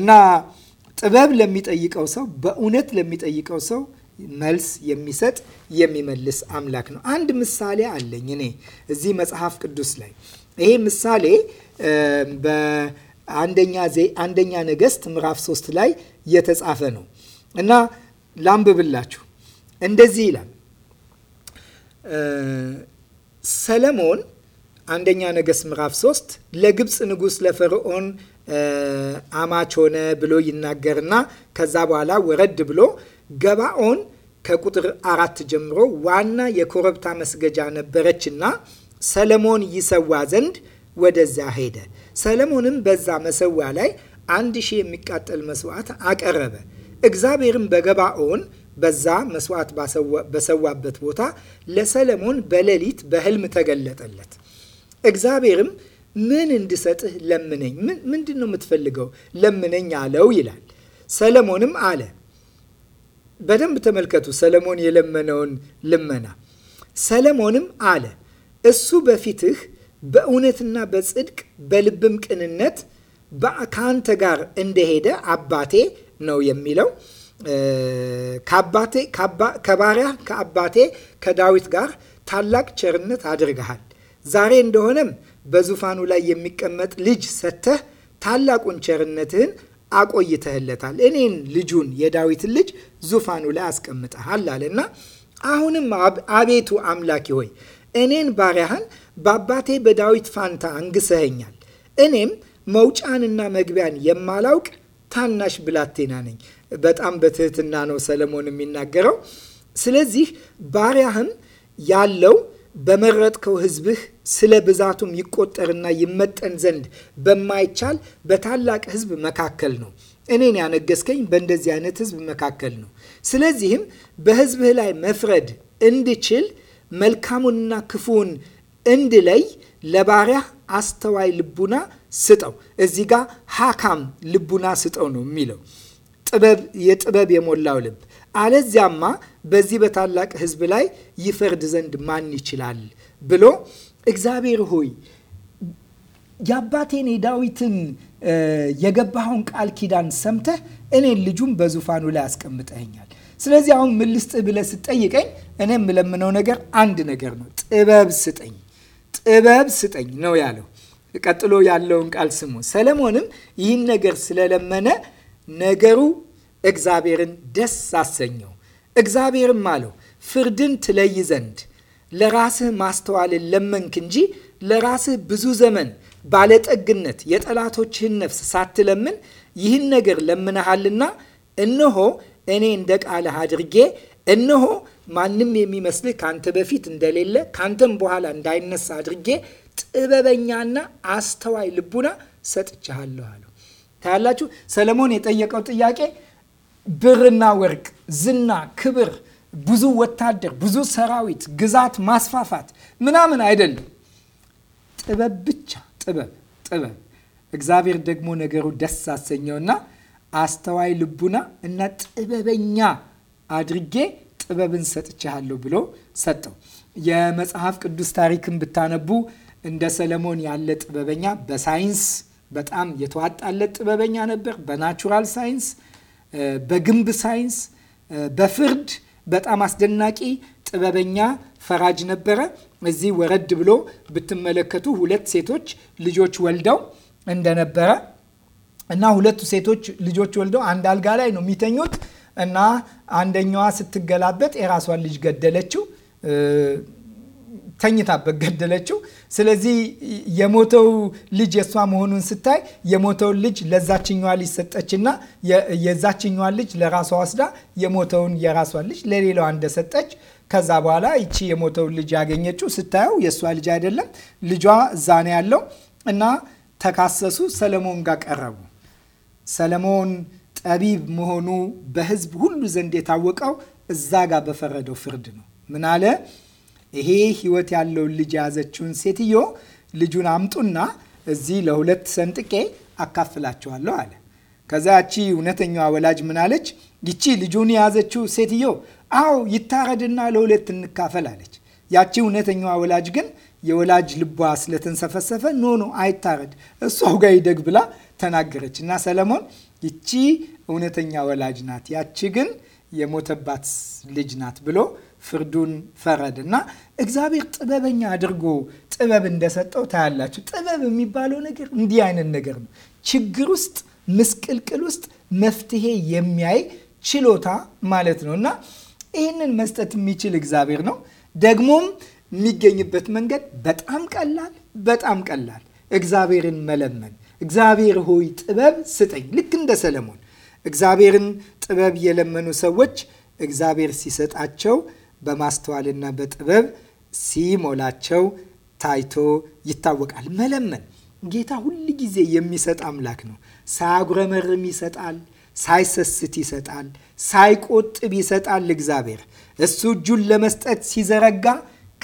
A: እና ጥበብ ለሚጠይቀው ሰው፣ በእውነት ለሚጠይቀው ሰው መልስ የሚሰጥ የሚመልስ አምላክ ነው። አንድ ምሳሌ አለኝ እኔ እዚህ መጽሐፍ ቅዱስ ላይ ይሄ ምሳሌ በአንደኛ ነገስት ምዕራፍ ሶስት ላይ የተጻፈ ነው እና ላንብብላችሁ። እንደዚህ ይላል ሰለሞን አንደኛ ነገስት ምዕራፍ 3 ለግብፅ ንጉስ ለፈርዖን አማች ሆነ ብሎ ይናገርና ከዛ በኋላ ወረድ ብሎ ገባኦን ከቁጥር አራት ጀምሮ ዋና የኮረብታ መስገጃ ነበረችና ሰለሞን ይሰዋ ዘንድ ወደዛ ሄደ። ሰለሞንም በዛ መሰዋ ላይ አንድ ሺህ የሚቃጠል መስዋዕት አቀረበ። እግዚአብሔርም በገባኦን በዛ መስዋዕት በሰዋበት ቦታ ለሰለሞን በሌሊት በህልም ተገለጠለት። እግዚአብሔርም ምን እንድሰጥህ ለምነኝ፣ ምንድን ነው የምትፈልገው ለምነኝ አለው ይላል። ሰለሞንም አለ በደንብ ተመልከቱ። ሰለሞን የለመነውን ልመና ሰለሞንም አለ እሱ በፊትህ በእውነትና በጽድቅ በልብም ቅንነት ከአንተ ጋር እንደሄደ አባቴ ነው የሚለው ከባሪያ ከአባቴ ከዳዊት ጋር ታላቅ ቸርነት አድርገሃል። ዛሬ እንደሆነም በዙፋኑ ላይ የሚቀመጥ ልጅ ሰጥተህ ታላቁን ቸርነትህን አቆይተህለታል፣ እኔን ልጁን የዳዊትን ልጅ ዙፋኑ ላይ አስቀምጠሃል አለና አሁንም አቤቱ አምላኪ ሆይ እኔን ባሪያህን በአባቴ በዳዊት ፋንታ አንግሰኸኛል። እኔም መውጫንና መግቢያን የማላውቅ ታናሽ ብላቴና ነኝ። በጣም በትህትና ነው ሰለሞን የሚናገረው። ስለዚህ ባሪያህም ያለው በመረጥከው ህዝብህ ስለ ብዛቱም ይቆጠርና ይመጠን ዘንድ በማይቻል በታላቅ ህዝብ መካከል ነው። እኔን ያነገስከኝ በእንደዚህ አይነት ህዝብ መካከል ነው። ስለዚህም በህዝብህ ላይ መፍረድ እንድችል መልካሙንና ክፉውን እንድለይ ለባሪያህ አስተዋይ ልቡና ስጠው። እዚህ ጋር ሀካም ልቡና ስጠው ነው የሚለው ጥበብ የጥበብ የሞላው ልብ አለዚያማ በዚህ በታላቅ ሕዝብ ላይ ይፈርድ ዘንድ ማን ይችላል ብሎ እግዚአብሔር ሆይ የአባቴን የዳዊትን የገባኸውን ቃል ኪዳን ሰምተህ እኔን ልጁም በዙፋኑ ላይ አስቀምጠኸኛል። ስለዚህ አሁን ምን ልስጥህ ብለህ ስጠይቀኝ እኔ የምለምነው ነገር አንድ ነገር ነው። ጥበብ ስጠኝ፣ ጥበብ ስጠኝ ነው ያለው። ቀጥሎ ያለውን ቃል ስሙ። ሰለሞንም ይህን ነገር ስለለመነ ነገሩ እግዚአብሔርን ደስ አሰኘው። እግዚአብሔርም አለው ፍርድን ትለይ ዘንድ ለራስህ ማስተዋልን ለመንክ እንጂ ለራስህ ብዙ ዘመን ባለጠግነት የጠላቶችህን ነፍስ ሳትለምን ይህን ነገር ለምናሃልና፣ እነሆ እኔ እንደ ቃልህ አድርጌ እነሆ ማንም የሚመስልህ ካንተ በፊት እንደሌለ ካንተም በኋላ እንዳይነሳ አድርጌ ጥበበኛና አስተዋይ ልቡና ሰጥቻሃለሁ አለው። ታያላችሁ ሰለሞን የጠየቀው ጥያቄ ብርና ወርቅ፣ ዝና፣ ክብር፣ ብዙ ወታደር፣ ብዙ ሰራዊት፣ ግዛት ማስፋፋት ምናምን አይደለም። ጥበብ ብቻ ጥበብ ጥበብ። እግዚአብሔር ደግሞ ነገሩ ደስ አሰኘውና አስተዋይ ልቡና እና ጥበበኛ አድርጌ ጥበብን ሰጥቻለሁ ብሎ ሰጠው። የመጽሐፍ ቅዱስ ታሪክን ብታነቡ እንደ ሰለሞን ያለ ጥበበኛ በሳይንስ በጣም የተዋጣለት ጥበበኛ ነበር። በናቹራል ሳይንስ በግንብ ሳይንስ፣ በፍርድ በጣም አስደናቂ ጥበበኛ ፈራጅ ነበረ። እዚህ ወረድ ብሎ ብትመለከቱ ሁለት ሴቶች ልጆች ወልደው እንደነበረ እና ሁለቱ ሴቶች ልጆች ወልደው አንድ አልጋ ላይ ነው የሚተኙት እና አንደኛዋ ስትገላበጥ የራሷን ልጅ ገደለችው። ተኝታበት ገደለችው። ስለዚህ የሞተው ልጅ የእሷ መሆኑን ስታይ የሞተውን ልጅ ለዛችኛዋ ልጅ ሰጠችና የዛችኛዋ ልጅ ለራሷ ወስዳ የሞተውን የራሷ ልጅ ለሌላዋ እንደሰጠች ከዛ በኋላ ይቺ የሞተውን ልጅ ያገኘችው ስታየው የእሷ ልጅ አይደለም፣ ልጇ እዛ ነው ያለው እና ተካሰሱ። ሰለሞን ጋር ቀረቡ። ሰለሞን ጠቢብ መሆኑ በሕዝብ ሁሉ ዘንድ የታወቀው እዛ ጋር በፈረደው ፍርድ ነው። ምን አለ? ይሄ ህይወት ያለውን ልጅ የያዘችውን ሴትዮ ልጁን አምጡና እዚህ ለሁለት ሰንጥቄ አካፍላችኋለሁ አለ። ከዛ ያቺ እውነተኛዋ ወላጅ ምናለች? ይቺ ልጁን የያዘችው ሴትዮ አዎ ይታረድና ለሁለት እንካፈል አለች። ያቺ እውነተኛዋ ወላጅ ግን የወላጅ ልቧ ስለተንሰፈሰፈ ኖ ኖ አይታረድ እሷው ጋር ይደግ ብላ ተናገረች። እና ሰለሞን ይቺ እውነተኛ ወላጅ ናት፣ ያቺ ግን የሞተባት ልጅ ናት ብሎ ፍርዱን ፈረድ እና እግዚአብሔር ጥበበኛ አድርጎ ጥበብ እንደሰጠው ታያላችሁ። ጥበብ የሚባለው ነገር እንዲህ አይነት ነገር ነው። ችግር ውስጥ ምስቅልቅል ውስጥ መፍትሄ የሚያይ ችሎታ ማለት ነው እና ይህንን መስጠት የሚችል እግዚአብሔር ነው። ደግሞም የሚገኝበት መንገድ በጣም ቀላል በጣም ቀላል እግዚአብሔርን መለመን እግዚአብሔር ሆይ ጥበብ ስጠኝ። ልክ እንደ ሰለሞን እግዚአብሔርን ጥበብ የለመኑ ሰዎች እግዚአብሔር ሲሰጣቸው በማስተዋልና በጥበብ ሲሞላቸው ታይቶ ይታወቃል። መለመን ጌታ ሁል ጊዜ የሚሰጥ አምላክ ነው። ሳያጉረመርም ይሰጣል፣ ሳይሰስት ይሰጣል፣ ሳይቆጥብ ይሰጣል። እግዚአብሔር እሱ እጁን ለመስጠት ሲዘረጋ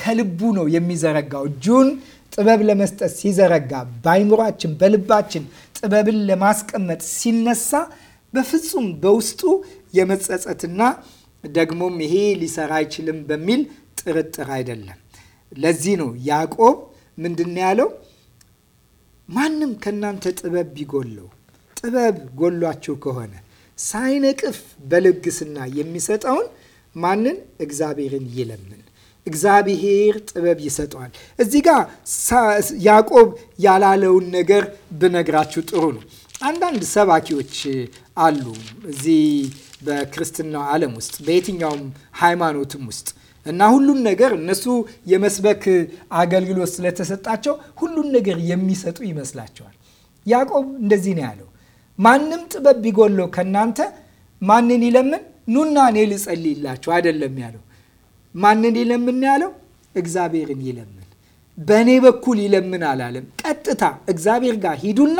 A: ከልቡ ነው የሚዘረጋው። እጁን ጥበብ ለመስጠት ሲዘረጋ በአይምሯችን በልባችን ጥበብን ለማስቀመጥ ሲነሳ በፍጹም በውስጡ የመጸጸትና ደግሞም ይሄ ሊሰራ አይችልም በሚል ጥርጥር አይደለም። ለዚህ ነው ያዕቆብ ምንድን ያለው ማንም ከእናንተ ጥበብ ቢጎለው ጥበብ ጎሏችሁ ከሆነ ሳይነቅፍ በልግስና የሚሰጠውን ማንን እግዚአብሔርን ይለምን። እግዚአብሔር ጥበብ ይሰጠዋል። እዚህ ጋር ያዕቆብ ያላለውን ነገር ብነግራችሁ ጥሩ ነው። አንዳንድ ሰባኪዎች አሉ እዚህ በክርስትናው ዓለም ውስጥ በየትኛውም ሃይማኖትም ውስጥ እና ሁሉን ነገር እነሱ የመስበክ አገልግሎት ስለተሰጣቸው ሁሉን ነገር የሚሰጡ ይመስላቸዋል። ያዕቆብ እንደዚህ ነው ያለው፣ ማንም ጥበብ ቢጎለው ከእናንተ ማንን ይለምን? ኑና እኔ ልጸልይላችሁ አይደለም ያለው። ማንን ይለምን ያለው? እግዚአብሔርን ይለምን። በእኔ በኩል ይለምን አላለም። ቀጥታ እግዚአብሔር ጋር ሂዱና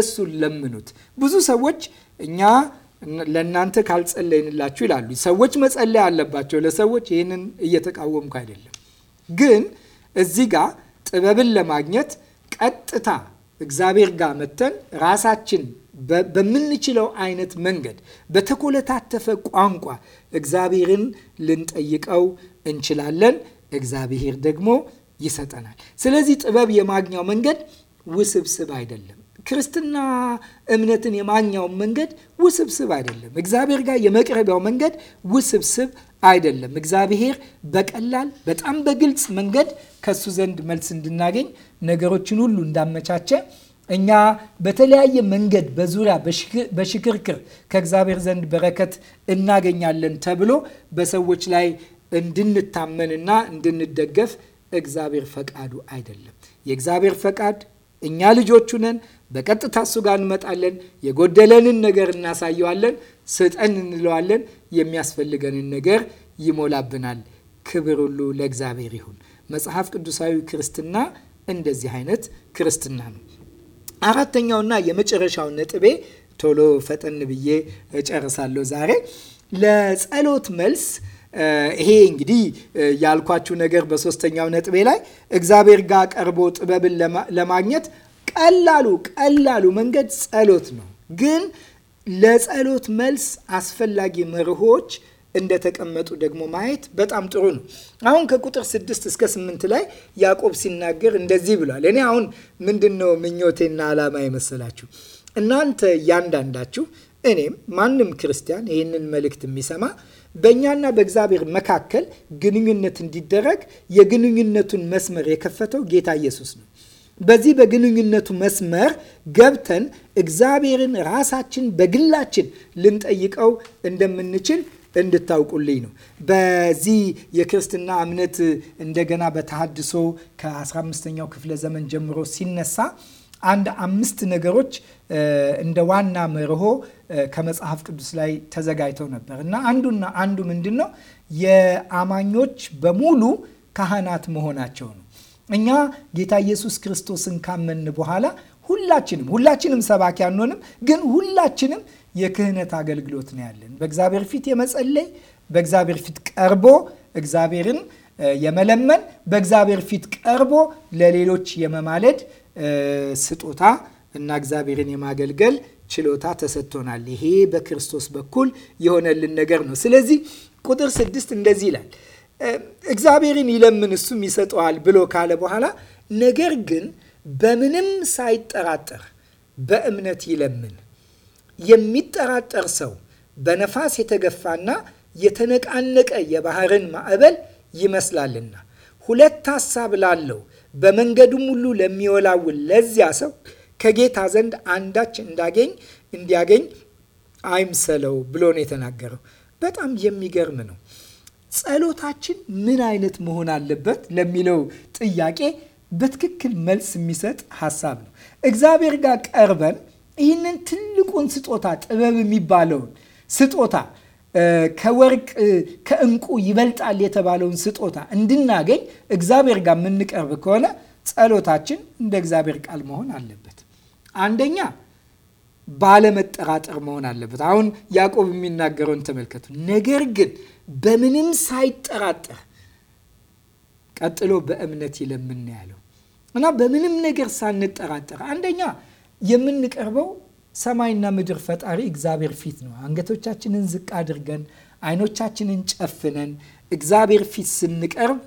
A: እሱን ለምኑት። ብዙ ሰዎች እኛ ለእናንተ ካልጸለይንላችሁ ይላሉ። ሰዎች መጸለይ አለባቸው ለሰዎች። ይህንን እየተቃወምኩ አይደለም። ግን እዚህ ጋር ጥበብን ለማግኘት ቀጥታ እግዚአብሔር ጋር መተን ራሳችን በምንችለው አይነት መንገድ በተኮለታተፈ ቋንቋ እግዚአብሔርን ልንጠይቀው እንችላለን። እግዚአብሔር ደግሞ ይሰጠናል። ስለዚህ ጥበብ የማግኛው መንገድ ውስብስብ አይደለም። ክርስትና እምነትን የማግኛው መንገድ ውስብስብ አይደለም። እግዚአብሔር ጋር የመቅረቢያው መንገድ ውስብስብ አይደለም። እግዚአብሔር በቀላል በጣም በግልጽ መንገድ ከሱ ዘንድ መልስ እንድናገኝ ነገሮችን ሁሉ እንዳመቻቸ እኛ በተለያየ መንገድ በዙሪያ በሽክርክር ከእግዚአብሔር ዘንድ በረከት እናገኛለን ተብሎ በሰዎች ላይ እንድንታመንና እንድንደገፍ እግዚአብሔር ፈቃዱ አይደለም። የእግዚአብሔር ፈቃድ እኛ ልጆቹ ነን። በቀጥታ እሱ ጋር እንመጣለን። የጎደለንን ነገር እናሳየዋለን። ስጠን እንለዋለን። የሚያስፈልገንን ነገር ይሞላብናል። ክብር ሁሉ ለእግዚአብሔር ይሁን። መጽሐፍ ቅዱሳዊ ክርስትና እንደዚህ አይነት ክርስትና ነው። አራተኛውና የመጨረሻው ነጥቤ ቶሎ ፈጠን ብዬ እጨርሳለሁ ዛሬ ለጸሎት መልስ ይሄ እንግዲህ ያልኳችሁ ነገር በሶስተኛው ነጥቤ ላይ እግዚአብሔር ጋር ቀርቦ ጥበብን ለማግኘት ቀላሉ ቀላሉ መንገድ ጸሎት ነው። ግን ለጸሎት መልስ አስፈላጊ መርሆች እንደተቀመጡ ደግሞ ማየት በጣም ጥሩ ነው። አሁን ከቁጥር ስድስት እስከ ስምንት ላይ ያዕቆብ ሲናገር እንደዚህ ብሏል። እኔ አሁን ምንድን ነው ምኞቴና ዓላማ የመሰላችሁ እናንተ እያንዳንዳችሁ እኔም ማንም ክርስቲያን ይህንን መልእክት የሚሰማ በእኛና በእግዚአብሔር መካከል ግንኙነት እንዲደረግ የግንኙነቱን መስመር የከፈተው ጌታ ኢየሱስ ነው። በዚህ በግንኙነቱ መስመር ገብተን እግዚአብሔርን ራሳችን በግላችን ልንጠይቀው እንደምንችል እንድታውቁልኝ ነው። በዚህ የክርስትና እምነት እንደገና በተሃድሶ ከ15ኛው ክፍለ ዘመን ጀምሮ ሲነሳ አንድ አምስት ነገሮች እንደ ዋና መርሆ ከመጽሐፍ ቅዱስ ላይ ተዘጋጅተው ነበር እና አንዱና አንዱ ምንድን ነው የአማኞች በሙሉ ካህናት መሆናቸው ነው። እኛ ጌታ ኢየሱስ ክርስቶስን ካመን በኋላ ሁላችንም ሁላችንም ሰባኪ አንሆንም፣ ግን ሁላችንም የክህነት አገልግሎት ነው ያለን። በእግዚአብሔር ፊት የመጸለይ በእግዚአብሔር ፊት ቀርቦ እግዚአብሔርን የመለመን በእግዚአብሔር ፊት ቀርቦ ለሌሎች የመማለድ ስጦታ እና እግዚአብሔርን የማገልገል ችሎታ ተሰጥቶናል። ይሄ በክርስቶስ በኩል የሆነልን ነገር ነው። ስለዚህ ቁጥር ስድስት እንደዚህ ይላል እግዚአብሔርን ይለምን እሱም ይሰጠዋል ብሎ ካለ በኋላ ነገር ግን በምንም ሳይጠራጠር በእምነት ይለምን። የሚጠራጠር ሰው በነፋስ የተገፋና የተነቃነቀ የባህርን ማዕበል ይመስላልና ሁለት ሀሳብ ላለው በመንገዱም ሁሉ ለሚወላውል ለዚያ ሰው ከጌታ ዘንድ አንዳች እንዳገኝ እንዲያገኝ አይምሰለው ብሎ ነው የተናገረው። በጣም የሚገርም ነው። ጸሎታችን ምን አይነት መሆን አለበት ለሚለው ጥያቄ በትክክል መልስ የሚሰጥ ሀሳብ ነው። እግዚአብሔር ጋር ቀርበን ይህንን ትልቁን ስጦታ ጥበብ የሚባለውን ስጦታ ከወርቅ ከእንቁ ይበልጣል የተባለውን ስጦታ እንድናገኝ እግዚአብሔር ጋር የምንቀርብ ከሆነ ጸሎታችን እንደ እግዚአብሔር ቃል መሆን አለበት። አንደኛ ባለመጠራጠር መሆን አለበት። አሁን ያዕቆብ የሚናገረውን ተመልከቱ። ነገር ግን በምንም ሳይጠራጠር ቀጥሎ በእምነት ይለምን ያለው እና በምንም ነገር ሳንጠራጠር አንደኛ የምንቀርበው ሰማይና ምድር ፈጣሪ እግዚአብሔር ፊት ነው። አንገቶቻችንን ዝቅ አድርገን አይኖቻችንን ጨፍነን እግዚአብሔር ፊት ስንቀርብ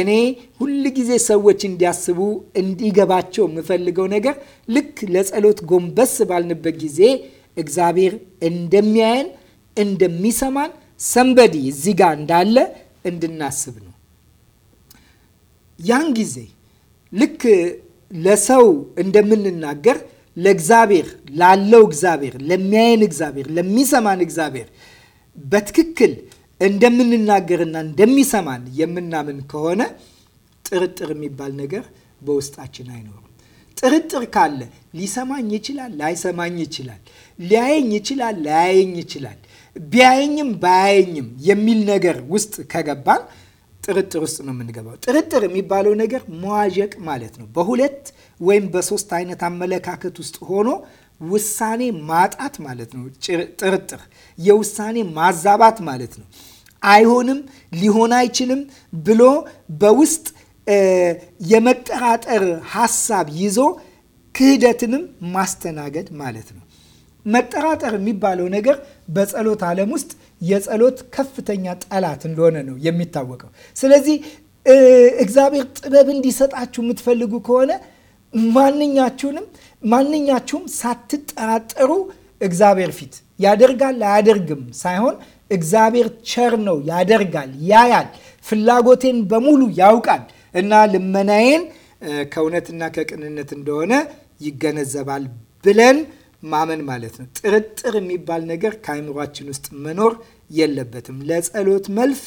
A: እኔ ሁል ጊዜ ሰዎች እንዲያስቡ እንዲገባቸው የምፈልገው ነገር ልክ ለጸሎት ጎንበስ ባልንበት ጊዜ እግዚአብሔር እንደሚያየን እንደሚሰማን ሰንበዲ እዚህ ጋር እንዳለ እንድናስብ ነው። ያን ጊዜ ልክ ለሰው እንደምንናገር ለእግዚአብሔር ላለው እግዚአብሔር፣ ለሚያየን እግዚአብሔር፣ ለሚሰማን እግዚአብሔር በትክክል እንደምንናገርና እንደሚሰማን የምናምን ከሆነ ጥርጥር የሚባል ነገር በውስጣችን አይኖርም። ጥርጥር ካለ ሊሰማኝ ይችላል፣ ላይሰማኝ ይችላል፣ ሊያየኝ ይችላል፣ ላያየኝ ይችላል፣ ቢያየኝም ባያየኝም የሚል ነገር ውስጥ ከገባን ጥርጥር ውስጥ ነው የምንገባው። ጥርጥር የሚባለው ነገር መዋዠቅ ማለት ነው። በሁለት ወይም በሶስት አይነት አመለካከት ውስጥ ሆኖ ውሳኔ ማጣት ማለት ነው። ጥርጥር የውሳኔ ማዛባት ማለት ነው። አይሆንም፣ ሊሆን አይችልም ብሎ በውስጥ የመጠራጠር ሀሳብ ይዞ ክህደትንም ማስተናገድ ማለት ነው። መጠራጠር የሚባለው ነገር በጸሎት ዓለም ውስጥ የጸሎት ከፍተኛ ጠላት እንደሆነ ነው የሚታወቀው። ስለዚህ እግዚአብሔር ጥበብ እንዲሰጣችሁ የምትፈልጉ ከሆነ ማንኛችሁንም ማንኛችሁም ሳትጠራጠሩ እግዚአብሔር ፊት ያደርጋል አያደርግም ሳይሆን እግዚአብሔር ቸር ነው፣ ያደርጋል፣ ያያል፣ ፍላጎቴን በሙሉ ያውቃል እና ልመናዬን ከእውነትና ከቅንነት እንደሆነ ይገነዘባል ብለን ማመን ማለት ነው። ጥርጥር የሚባል ነገር ከአይምሯችን ውስጥ መኖር የለበትም። ለጸሎት መልፍ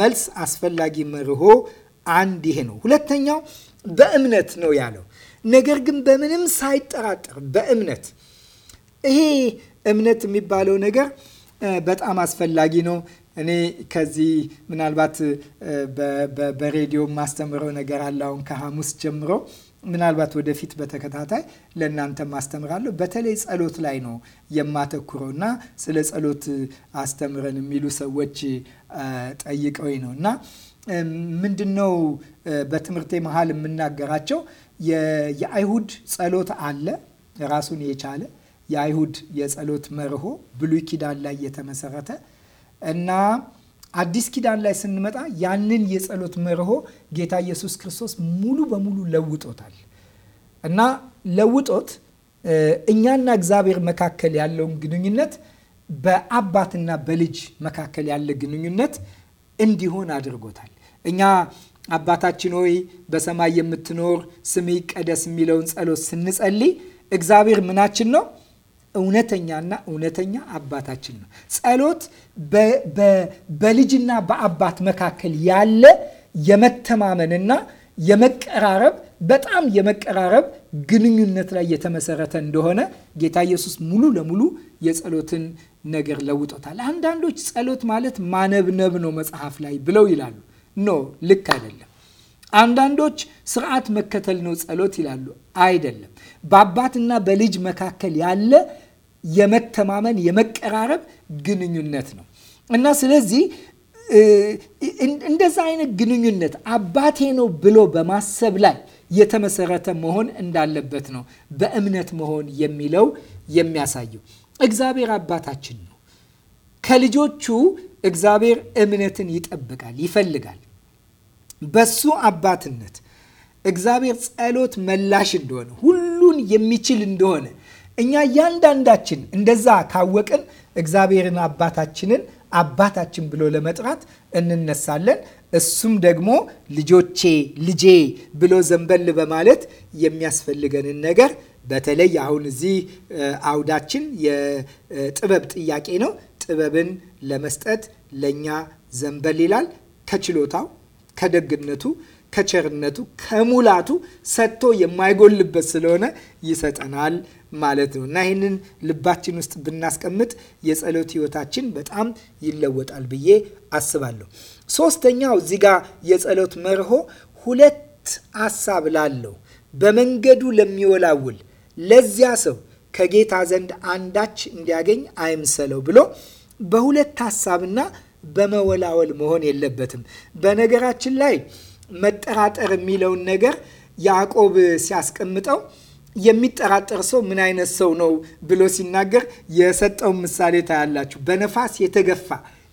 A: መልስ አስፈላጊ መርሆ አንድ ይሄ ነው። ሁለተኛው በእምነት ነው ያለው። ነገር ግን በምንም ሳይጠራጠር በእምነት ይሄ እምነት የሚባለው ነገር በጣም አስፈላጊ ነው። እኔ ከዚህ ምናልባት በሬዲዮ ማስተምረው ነገር አለ አሁን ከሐሙስ ጀምሮ ምናልባት ወደፊት በተከታታይ ለእናንተ ማስተምራለሁ። በተለይ ጸሎት ላይ ነው የማተኩረው እና ስለ ጸሎት አስተምረን የሚሉ ሰዎች ጠይቀውኝ ነው እና ምንድነው በትምህርቴ መሀል የምናገራቸው የአይሁድ ጸሎት አለ ራሱን የቻለ የአይሁድ የጸሎት መርሆ ብሉይ ኪዳን ላይ የተመሰረተ እና አዲስ ኪዳን ላይ ስንመጣ ያንን የጸሎት መርሆ ጌታ ኢየሱስ ክርስቶስ ሙሉ በሙሉ ለውጦታል እና ለውጦት እኛና እግዚአብሔር መካከል ያለውን ግንኙነት በአባትና በልጅ መካከል ያለ ግንኙነት እንዲሆን አድርጎታል። እኛ አባታችን ሆይ በሰማይ የምትኖር ስምህ ይቀደስ የሚለውን ጸሎት ስንጸልይ እግዚአብሔር ምናችን ነው እውነተኛና እውነተኛ አባታችን ነው። ጸሎት በልጅና በአባት መካከል ያለ የመተማመንና የመቀራረብ በጣም የመቀራረብ ግንኙነት ላይ የተመሰረተ እንደሆነ ጌታ ኢየሱስ ሙሉ ለሙሉ የጸሎትን ነገር ለውጦታል። አንዳንዶች ጸሎት ማለት ማነብነብ ነው መጽሐፍ ላይ ብለው ይላሉ። ኖ ልክ አይደለም። አንዳንዶች ስርዓት መከተል ነው ጸሎት ይላሉ። አይደለም። በአባትና በልጅ መካከል ያለ የመተማመን የመቀራረብ ግንኙነት ነው እና ስለዚህ እንደዛ አይነት ግንኙነት አባቴ ነው ብሎ በማሰብ ላይ የተመሰረተ መሆን እንዳለበት ነው በእምነት መሆን የሚለው የሚያሳየው። እግዚአብሔር አባታችን ነው። ከልጆቹ እግዚአብሔር እምነትን ይጠብቃል፣ ይፈልጋል። በሱ አባትነት እግዚአብሔር ጸሎት መላሽ እንደሆነ ሁሉን የሚችል እንደሆነ እኛ እያንዳንዳችን እንደዛ ካወቅን እግዚአብሔርን አባታችንን አባታችን ብሎ ለመጥራት እንነሳለን። እሱም ደግሞ ልጆቼ ልጄ ብሎ ዘንበል በማለት የሚያስፈልገንን ነገር በተለይ አሁን እዚህ አውዳችን የጥበብ ጥያቄ ነው። ጥበብን ለመስጠት ለእኛ ዘንበል ይላል ከችሎታው ከደግነቱ ከቸርነቱ ከሙላቱ ሰጥቶ የማይጎልበት ስለሆነ ይሰጠናል ማለት ነው እና ይህንን ልባችን ውስጥ ብናስቀምጥ የጸሎት ህይወታችን በጣም ይለወጣል ብዬ አስባለሁ። ሶስተኛው እዚህ ጋር የጸሎት መርሆ ሁለት አሳብ ላለው በመንገዱ ለሚወላውል ለዚያ ሰው ከጌታ ዘንድ አንዳች እንዲያገኝ አይምሰለው ብሎ በሁለት ሀሳብና በመወላወል መሆን የለበትም። በነገራችን ላይ መጠራጠር የሚለውን ነገር ያዕቆብ ሲያስቀምጠው የሚጠራጠር ሰው ምን አይነት ሰው ነው ብሎ ሲናገር የሰጠውን ምሳሌ ታያላችሁ። በነፋስ የተገፋ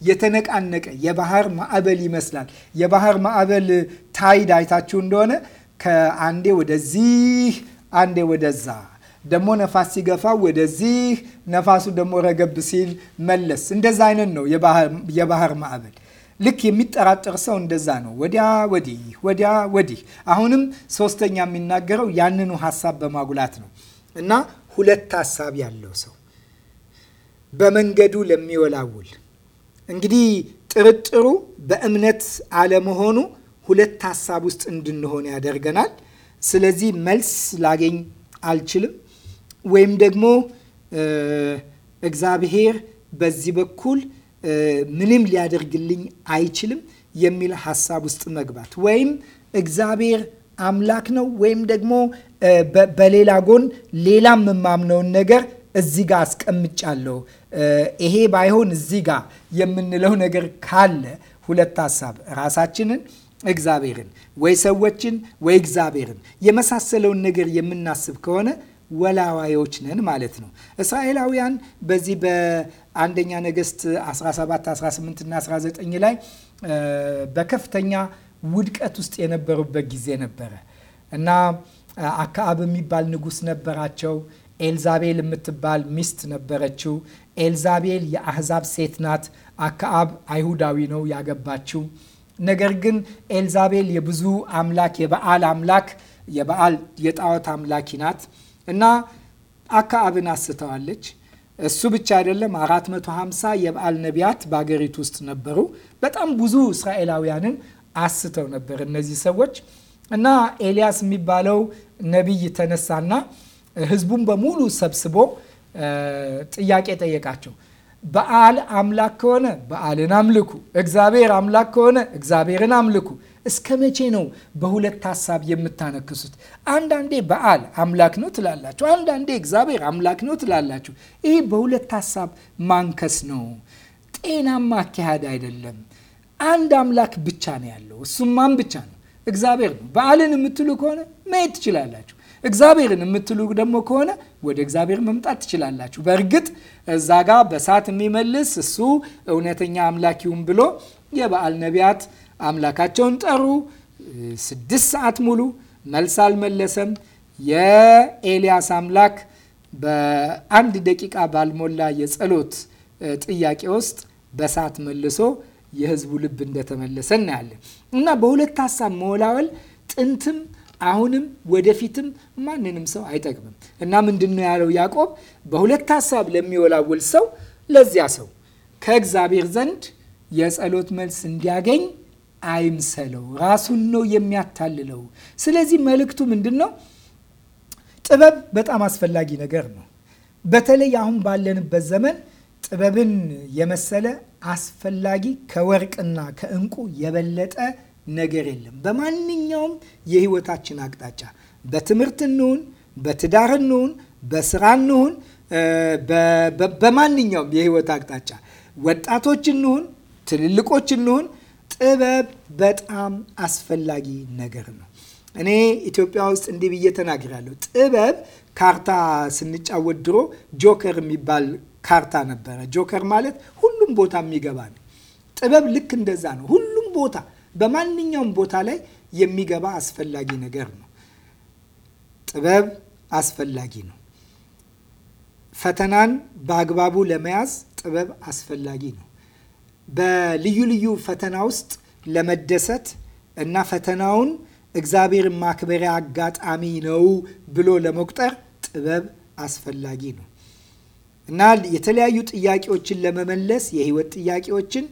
A: የተነቃነቀ የባህር ማዕበል ይመስላል። የባህር ማዕበል ታይድ አይታችሁ እንደሆነ ከአንዴ ወደዚህ አንዴ ወደዛ ደግሞ ነፋስ ሲገፋ ወደዚህ፣ ነፋሱ ደግሞ ረገብ ሲል መለስ። እንደዛ አይነት ነው የባህር ማዕበል። ልክ የሚጠራጠር ሰው እንደዛ ነው። ወዲያ ወዲህ ወዲያ ወዲህ። አሁንም ሶስተኛ የሚናገረው ያንኑ ሀሳብ በማጉላት ነው እና ሁለት ሀሳብ ያለው ሰው በመንገዱ ለሚወላውል እንግዲህ ጥርጥሩ በእምነት አለመሆኑ ሁለት ሀሳብ ውስጥ እንድንሆን ያደርገናል። ስለዚህ መልስ ላገኝ አልችልም ወይም ደግሞ እግዚአብሔር በዚህ በኩል ምንም ሊያደርግልኝ አይችልም የሚል ሀሳብ ውስጥ መግባት ወይም እግዚአብሔር አምላክ ነው ወይም ደግሞ በሌላ ጎን ሌላ የምማምነውን ነገር እዚህ ጋር አስቀምጫለሁ ይሄ ባይሆን እዚህ ጋር የምንለው ነገር ካለ ሁለት ሀሳብ ራሳችንን እግዚአብሔርን ወይ ሰዎችን ወይ እግዚአብሔርን የመሳሰለውን ነገር የምናስብ ከሆነ ወላዋዮች ነን ማለት ነው። እስራኤላውያን በዚህ በአንደኛ ነገስት 17፣ 18 እና 19 ላይ በከፍተኛ ውድቀት ውስጥ የነበሩበት ጊዜ ነበረ እና አካአብ የሚባል ንጉስ ነበራቸው። ኤልዛቤል የምትባል ሚስት ነበረችው። ኤልዛቤል የአህዛብ ሴት ናት። አክዓብ አይሁዳዊ ነው ያገባችው። ነገር ግን ኤልዛቤል የብዙ አምላክ የበዓል አምላክ የበዓል የጣዖት አምላኪ ናት። እና አካአብን አስተዋለች። እሱ ብቻ አይደለም፣ 450 የበዓል ነቢያት በአገሪቱ ውስጥ ነበሩ። በጣም ብዙ እስራኤላውያንን አስተው ነበር እነዚህ ሰዎች እና ኤልያስ የሚባለው ነቢይ ተነሳና ህዝቡን በሙሉ ሰብስቦ ጥያቄ ጠየቃቸው። በዓል አምላክ ከሆነ በዓልን አምልኩ፣ እግዚአብሔር አምላክ ከሆነ እግዚአብሔርን አምልኩ እስከ መቼ ነው በሁለት ሀሳብ የምታነክሱት? አንዳንዴ በዓል አምላክ ነው ትላላችሁ፣ አንዳንዴ እግዚአብሔር አምላክ ነው ትላላችሁ። ይህ በሁለት ሀሳብ ማንከስ ነው፣ ጤናማ አካሄድ አይደለም። አንድ አምላክ ብቻ ነው ያለው። እሱም ማን ብቻ ነው? እግዚአብሔር ነው። በዓልን የምትሉ ከሆነ መሄድ ትችላላችሁ። እግዚአብሔርን የምትሉ ደግሞ ከሆነ ወደ እግዚአብሔር መምጣት ትችላላችሁ። በእርግጥ እዛ ጋር በሳት የሚመልስ እሱ እውነተኛ አምላክ ይሁን ብሎ የበዓል ነቢያት አምላካቸውን ጠሩ። ስድስት ሰዓት ሙሉ መልስ አልመለሰም። የኤልያስ አምላክ በአንድ ደቂቃ ባልሞላ የጸሎት ጥያቄ ውስጥ በሰዓት መልሶ የህዝቡ ልብ እንደተመለሰ እናያለን እና በሁለት ሀሳብ መወላወል ጥንትም አሁንም ወደፊትም ማንንም ሰው አይጠቅምም እና ምንድን ነው ያለው ያዕቆብ? በሁለት ሀሳብ ለሚወላውል ሰው ለዚያ ሰው ከእግዚአብሔር ዘንድ የጸሎት መልስ እንዲያገኝ አይምሰለው። ራሱን ነው የሚያታልለው። ስለዚህ መልእክቱ ምንድን ነው? ጥበብ በጣም አስፈላጊ ነገር ነው። በተለይ አሁን ባለንበት ዘመን ጥበብን የመሰለ አስፈላጊ ከወርቅና ከእንቁ የበለጠ ነገር የለም። በማንኛውም የህይወታችን አቅጣጫ በትምህርት እንሁን፣ በትዳር እንሁን፣ በስራ እንሁን፣ በማንኛውም የህይወት አቅጣጫ ወጣቶች እንሁን ትልልቆች እንሁን፣ ጥበብ በጣም አስፈላጊ ነገር ነው። እኔ ኢትዮጵያ ውስጥ እንዲህ ብዬ ተናግራለሁ። ጥበብ ካርታ ስንጫወት ድሮ ጆከር የሚባል ካርታ ነበረ። ጆከር ማለት ሁሉም ቦታ የሚገባ ነው። ጥበብ ልክ እንደዛ ነው። ሁሉም ቦታ በማንኛውም ቦታ ላይ የሚገባ አስፈላጊ ነገር ነው። ጥበብ አስፈላጊ ነው። ፈተናን በአግባቡ ለመያዝ ጥበብ አስፈላጊ ነው። በልዩ ልዩ ፈተና ውስጥ ለመደሰት እና ፈተናውን እግዚአብሔር ማክበሪያ አጋጣሚ ነው ብሎ ለመቁጠር ጥበብ አስፈላጊ ነው እና የተለያዩ ጥያቄዎችን ለመመለስ የህይወት ጥያቄዎችን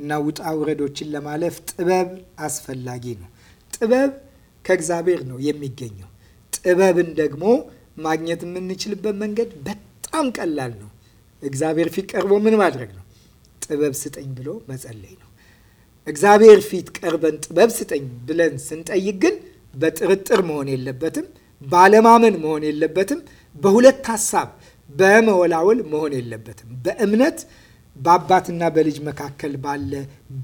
A: እና ውጣ ውረዶችን ለማለፍ ጥበብ አስፈላጊ ነው። ጥበብ ከእግዚአብሔር ነው የሚገኘው። ጥበብን ደግሞ ማግኘት የምንችልበት መንገድ በጣም ቀላል ነው። እግዚአብሔር ፊት ቀርቦ ምን ማድረግ ነው? ጥበብ ስጠኝ ብሎ መጸለይ ነው። እግዚአብሔር ፊት ቀርበን ጥበብ ስጠኝ ብለን ስንጠይቅ ግን በጥርጥር መሆን የለበትም፣ ባለማመን መሆን የለበትም፣ በሁለት ሀሳብ በመወላወል መሆን የለበትም። በእምነት በአባትና በልጅ መካከል ባለ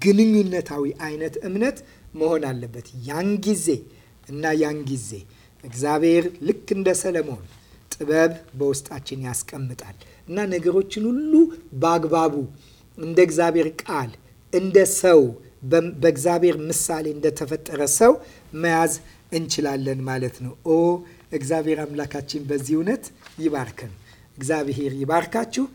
A: ግንኙነታዊ አይነት እምነት መሆን አለበት። ያን ጊዜ እና ያን ጊዜ እግዚአብሔር ልክ እንደ ሰለሞን ጥበብ በውስጣችን ያስቀምጣል እና ነገሮችን ሁሉ በአግባቡ እንደ እግዚአብሔር ቃል እንደ ሰው በእግዚአብሔር ምሳሌ እንደተፈጠረ ሰው መያዝ እንችላለን ማለት ነው። ኦ እግዚአብሔር አምላካችን በዚህ እውነት ይባርከን። እግዚአብሔር ይባርካችሁ።